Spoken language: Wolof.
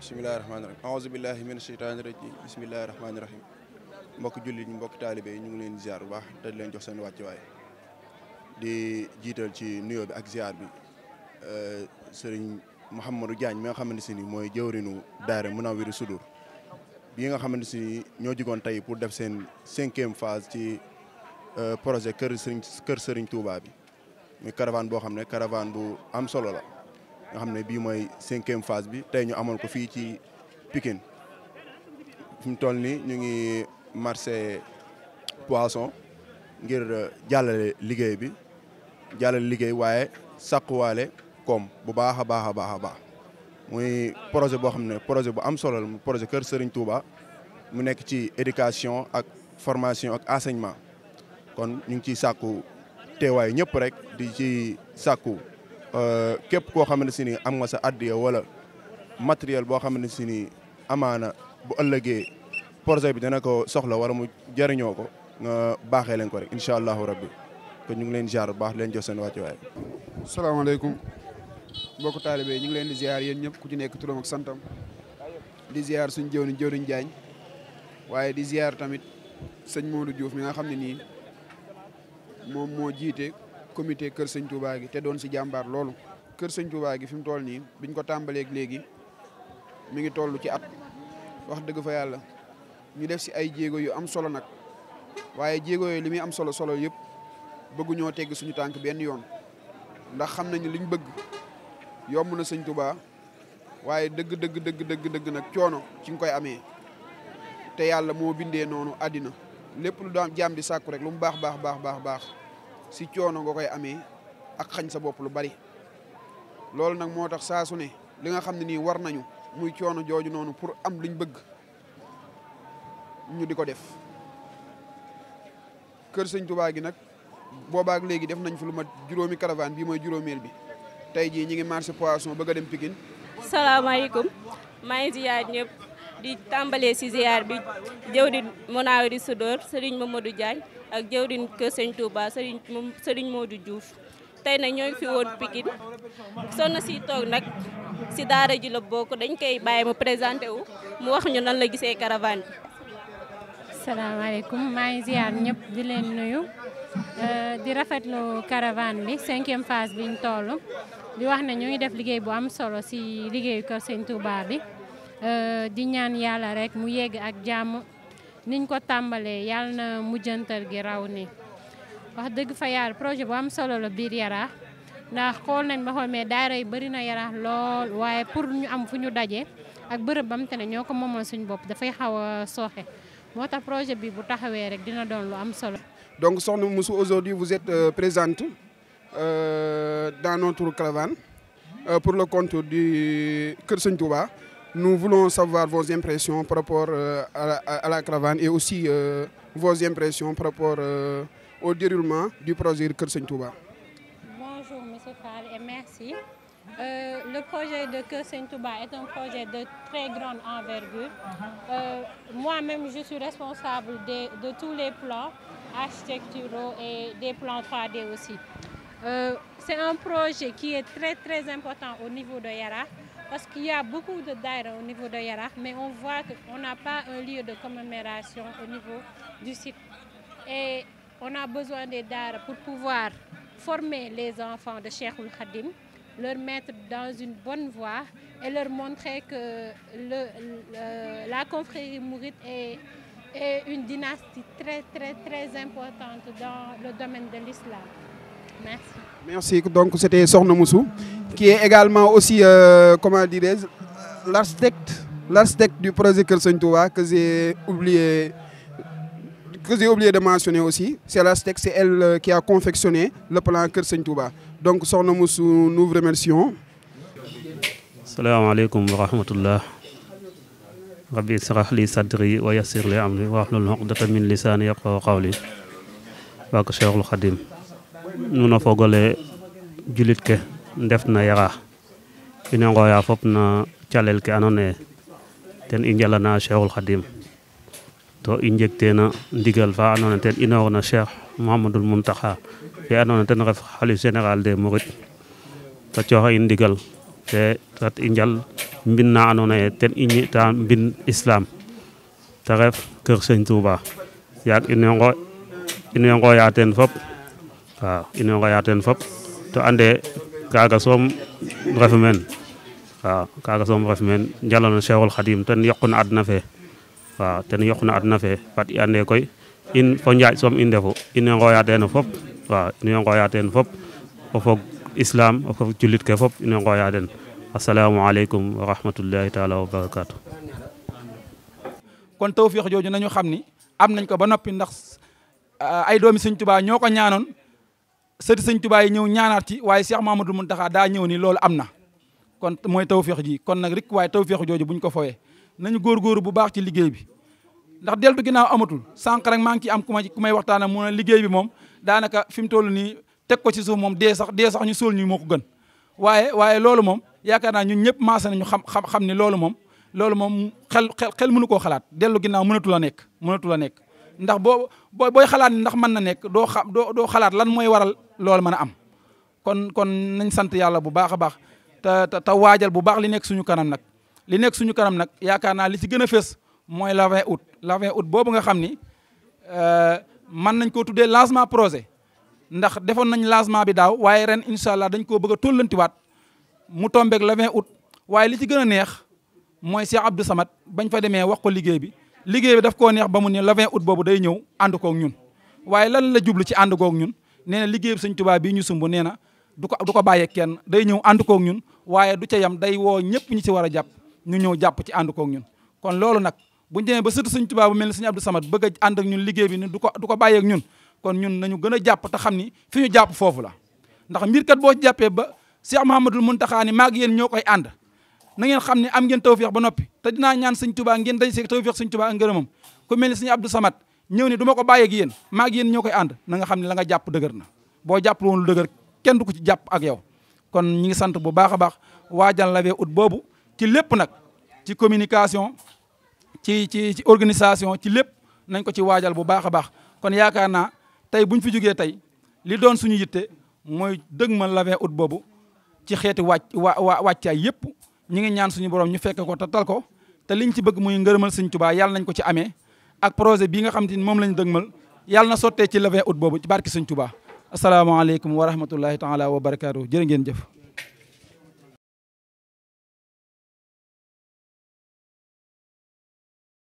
bisimilahi rahmaani rahim aousubillahi min asheytaani rajim bisimilahi rahmaani rahim mbokk jullit mbokk taalibe yi ñu ngi leen di ziar bu baax jox seen wàccuwaay di jiital ci nuyoo bi ak ziar bi eh, sëriñ Mouhamadou jaañ mi nga xamante si ni mooy jëwrinu daara Munawwiru Sudur bi nga xamante si ñoo jigoon tey pour def seen cinquième phase ci eh, projet kër sëriñ kër sëriñ Touba bi muy caravane boo xam ne caravane bu am solo la nga xam ne bii mooy cinquième phase bi tey ñu amal ko fii ci pikin fi toll nii ñu ngi marché poisson ngir euh, jàllale liggéey bi jàllale liggéey waaye sàkkuwaale koom bu baax a baax a baax a baax muy projet boo xam ne projet bu am solol mu projet Kër Serigne Touba mu nekk ci éducation ak formation ak enseignement kon ñu ngi ciy sàkku teewaay ñëpp rek di ci sàkku Euh, képp koo xamante si ni am nga sa addiya wala matériel boo xamante si ni amaana bu ëllëgee projet bi dana ko soxla wala mu jariñoo ko nga baaxee leen ko rek incha allahu rabbi kon ñu ngi leen jaar bu baax leen jox seen wàccuwaay. salaamaaleykum mbokk taalibe ñu ngi leen di ziar yéen ñëpp ku ci nekk turam ak santam di ziar suñ jëwriñ jëwriñ jaañ waaye di ziar tamit sëñ Modou Diouf mi nga xam ne nii moom moo jiite. comité kër sëñ Touba gi te doon si jàmbaar loolu kër sëñ Touba gi fi mu toll nii biñ ko tàmbaleeg léegi mi ngi toll ci at wax dëgg fa yàlla ñu def si ay jéego yu am solo nag waaye jéego yooyu li muy am solo solo yëpp bëgguñoo tegg suñu tànk benn yoon ndax xam nañu liñ bëgg yomb na sëñ Touba waaye dëgg dëgg dëgg dëgg nag coono ci koy amee te yàlla moo bindee noonu àddina lépp lu daam jaam di sàkku rek lu mu baax baax baax baax baax si coono nga koy amee ak xañ sa bopp lu bari loolu nag moo tax saasu ne li nga xam ne nii war nañu muy coono jooju noonu pour am luñ bëgg ñu di ko def kër sëñ tu Tuubaa gi nag boobaak léegi def nañ fi lu mat juróomi caravane bii mooy juróomeel bi tey jii ñi ngi marché poisson bëgg a dem Pikine salaamaaleykum maa ngi ziyaar ñëpp di tàmbalee si ziyaar bi jëw di monaawe di sudóor Sëriñ Mamadou Diagne ak jëwriñ kër sëñ Touba sëriñ sëriñ Modou Diouf tey nag ñoo ngi fi woon Pikine soxna si toog nag si daara ji la bokk dañ koy bàyyi mu présenté wu mu wax ñu nan la gisee caravane bi. salaamaaleykum maa ngi ziar ñëpp di leen nuyu euh, di rafet rafetlu caravane bi cinquième phase biñ toll di wax ne ñu ngi def liggéey bu am solo si liggéeyu kër sëñ Touba bi euh, di ñaan yàlla rek mu yegg ak jàmm. niñ ko tambalé yàlla na mujjantal gi raw ni wax deug fa yar projet bu am solo la biir yara ndax xol nañ ba xool mais daara yi bëri na yaraax lool waaye pour ñu am fu ñu daje ak bërëb bam te ne ñoo ko moomal suñu bopp dafay xaw a sooxe moo projet bi bu taxawé rek dina doon lu am solo. donc Soxna Moussou aujourd'hui vous êtes euh, présente euh, dans notre caravane euh, pour le compte du euh, Kër Sëñ Touba. Nous voulons savoir vos impressions par rapport euh, à, la, cravane et aussi euh, vos impressions par rapport euh, au déroulement du projet Kersen Touba. Bonjour M. Fall et merci. le projet de Kersen Touba est un projet de très grande envergure. Moi-même, je suis responsable de, de, tous les plans architecturaux et des plans 3D aussi. C'est un projet qui est très très important au niveau de Yara parce qu'il y a beaucoup de dares au niveau de Yarach, mais on voit qu'on n'a pas un lieu de commémoration au niveau du site. Et on a besoin des dares pour pouvoir former les enfants de Cheikhoul Khadim, leur mettre dans une bonne voie et leur montrer que la confrérie mourite est, une dynastie très, très, très importante dans le domaine de l'islam. Merci. Merci. Donc, c'était Sorno Moussou qui est également aussi, euh, comment dirais-je, l'architecte, l'architecte du projet Kersen Touba, que j'ai oublié que j'ai oublié de mentionner aussi, c'est l'architecte, c'est elle euh, qui a confectionné le plan Kersen Touba. Donc, son nom, nous vous remercions. Salam alaikum wa rahmatullah. Rabbi israh li sadri wa yassir li amri wa ahlul uqdatan min lisani yaqwa qawli. Bak Cheikhul Khadim. Nous avons fait julit ke ndefna yaxa in way ngooya fop no calel ke andoona yee ten i njalana cheikhul khadim to i teena ndigal fa andoona yee ten inoorna cheikh mouhamadoul mountakha fe andoona yee ten ref khalife général des mourides ta cooxa in ndigal te tat i na andoona yee ten i ñi'ta mbind islam ta ref kër sëñ touba yaag in way fop waaw in way fop to ande kaaga soom refu meen waaw kaaga soom ref meen njalano cheikhul khadim ten yoquna adna fe waaw ten yoquna adna fe fat i ande koy in fo njaaj soom i ndefu in ngoya teen fop waaw in way ngoya teen fop o fog islam o fog julit ke fop in way ngoya den assalamu aleykum wa rahmatullahi taala wa barakatu kon tawfiq jooju nañu xam ni am nañ ko ba noppi ndax ay doomi Sëñ Tuubaa ñoo ko ñaanoon sëti sëñ Tuubaa yi ñëw ñaanaat ci waaye Cheikh Mamadou Muntaxa daa ñëw ni loolu am na kon mooy tawféex ji kon nag rek waaye tawféex jooju buñ ko fowee nañu góorgóoru bu baax ci liggéey bi ndax deltu ginnaaw amatul sànq rek maa ngi ci am ku ma ku may waxtaana mu ne liggéey bi moom daanaka fi mu toll nii teg ko ci suuf moom dee sax dee sax ñu sol ñu moo ko gën waaye waaye loolu moom yaakaar naa ñun ñëpp maase nañu xam xam xam ni loolu moom loolu moom xel xel xel mënu koo xalaat dellu ginnaaw mënatu la nekk mënatu la nekk ndax boo boo booy xalaat ndax mën na nekk doo xa doo doo xalaat lan mooy waral lool mën a am kon kon nañ sant yàlla bu baax a baax te te waajal bu baax li nekk suñu kanam nag li nekk suñu kanam nag yaakaar naa li ci gën a fës mooy la 20 août la 20 boobu nga xam ni euh, mën nañ koo tuddee lancement projet ndax defoon nañ lancement bi daaw waaye ren incha allah dañ koo bëgg a tollantiwaat mu tombeeg la 20 août waaye li ci gën a neex mooy Cheikh Abdou bañ fa demee wax ko liggéey bi liggéey bi daf koo neex ba mu ne le 20 août boobu day ñëw ànd koog ñun waaye lan la jublu ci ànd koog ñun nee liggéey bi sëñ Tuubaa bii ñu sumb nee na du ko du ko bàyyee kenn day ñëw ànd kook ñun waaye du ca yam day woo ñëpp ñi ci war a jàpp ñu ñëw jàpp ci ànd kook ñun kon loolu nag buñu demee ba surtout sëñ Tuubaa bu mel ni sëñ Abdou Samad bëgg a ànd ñun liggéey bi ni du ko du ko bàyyeeg ñun kon ñun nañu gën a jàpp te xam ni fi ñu jàpp foofu la ndax mbir kat boo jàppee ba Cheikh Mahamadul Muntaxa ni maag yéen ñoo koy ànd na ngeen xam ne am ngeen tawféex ba noppi te dinaa ñaan sëñ tubaa ngeen dañ see tawféex sëñ tubaa ak ngërëmam ku mel ni sëñ Abdou Samad ñëw ne du ma ko bàyyeeg yéen maag yéen ñoo koy ànd na nga xam ne la nga jàpp dëgër na boo jàpp woon lu dëgër kenn du ko ci jàpp ak yow kon ñi ngi sant bu baax a baax waajal la wee ut boobu ci lépp nag ci communication ci ci ci organisation ci lépp nañ ko ci waajal bu baax a baax kon yaakaar naa tey buñ fi jógee tey li doon suñu yitte mooy dëgg ma la wee ut boobu ci xeeti wàcc wa wàccaay yëpp ñu ngi ñaan suñu borom ñu fekk ko tatal ko te liñ ci bëgg muy ngërëmal sëñ Tuubaa yàlla nañ ko ci amee ak projet bii nga xam te moom lañ dëgmal yàlla na sottee ci le 20 août boobu ci barki sëñ Tuubaa asalaamaaleykum wa rahmatullahi taala wa barakaatu jërë ngeen jëf